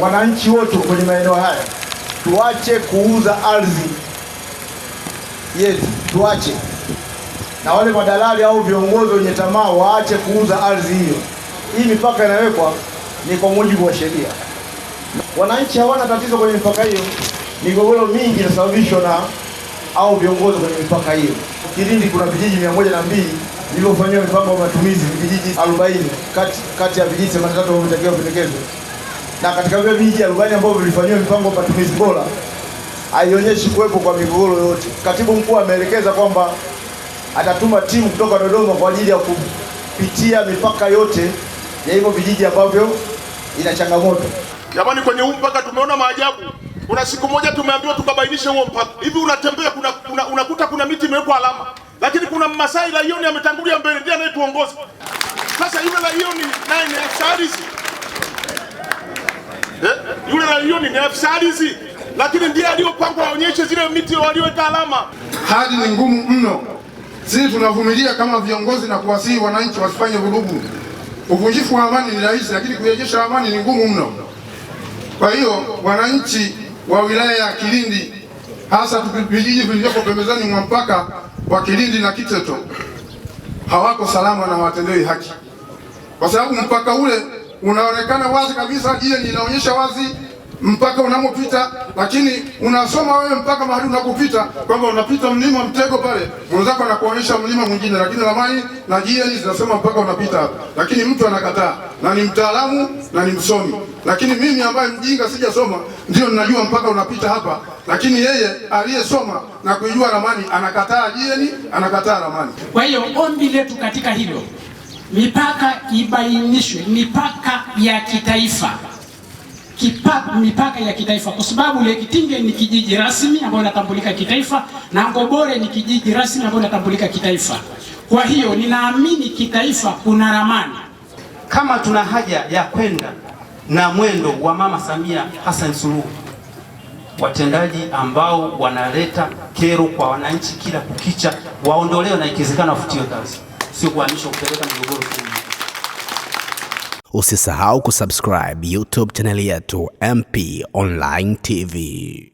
wananchi wote kwenye maeneo haya tuache kuuza ardhi yetu, tuache na wale madalali au viongozi wenye tamaa waache kuuza ardhi hiyo. Hii mipaka inawekwa ni kwa mujibu wa sheria. Wananchi hawana tatizo kwenye mipaka hiyo. Migogoro mingi inasababishwa na au viongozi kwenye mipaka hiyo. Kilindi kuna vijiji mia moja na mbili vilivyofanyiwa mipango ya matumizi, vijiji arobaini kati kati ya vijiji 83 vinavyotakiwa pendekezwe na katika vile vijiji arobaini ambavyo vilifanyiwa mipango ya bora haionyeshi kuwepo kwa migogoro yote. Katibu mkuu ameelekeza kwamba atatuma timu kutoka Dodoma kwa ajili ya kupitia mipaka yote ya hivyo vijiji ambavyo ina changamoto. Jamani, kwenye huu mpaka tumeona maajabu. Kuna siku moja tumeambiwa tukabainishe huo mpaka hivi, unatembea kuna, kuna, unakuta kuna miti imewekwa alama, lakini kuna masai laioni ametangulia mbele, ndiye anayetuongoza sasa. Yule laioni naye ni Afsarisi yule alioni ni afisa ardhi, lakini ndiye aliyopangwa aonyeshe zile miti walioweka alama. Hali ni ngumu mno, sisi tunavumilia kama viongozi na kuwasihi wananchi wasifanye vurugu. Uvunjifu wa amani ni rahisi, lakini kurejesha amani ni ngumu mno. Kwa hiyo wananchi wa wilaya ya Kilindi, hasa vijiji vilivyoko pembezoni mwa mpaka wa Kilindi na Kiteto, hawako salama na hawatendewi haki, kwa sababu mpaka ule unaonekana wazi kabisa, jiwe linaonyesha wazi mpaka unamopita, lakini unasoma wewe mpaka mahali unakopita kwamba unapita mlima mtego pale, mwenzako anakuonyesha mlima mwingine, lakini ramani na GIS zinasema mpaka unapita hapa, lakini mtu anakataa, na ni mtaalamu na ni msomi. Lakini mimi ambaye mjinga, sijasoma, ndio ninajua mpaka unapita hapa, lakini yeye aliyesoma na kuijua ramani anakataa GIS, anakataa ramani. Kwa hiyo ombi letu katika hilo mipaka ibainishwe, mipaka ya kitaifa Kipa, mipaka ya kitaifa kwa sababu Lekitinge ni kijiji rasmi ambayo inatambulika kitaifa na Ngobore ni kijiji rasmi ambayo inatambulika kitaifa. Kwa hiyo ninaamini kitaifa kuna ramani. Kama tuna haja ya kwenda na mwendo wa Mama Samia Hassan Suluhu, watendaji ambao wanaleta kero kwa wananchi kila kukicha waondolewe na ikiwezekana wafutiwe kazi sio kuanisha kupeleka migogoro. Usisahau kusubscribe YouTube channel yetu MP Online TV.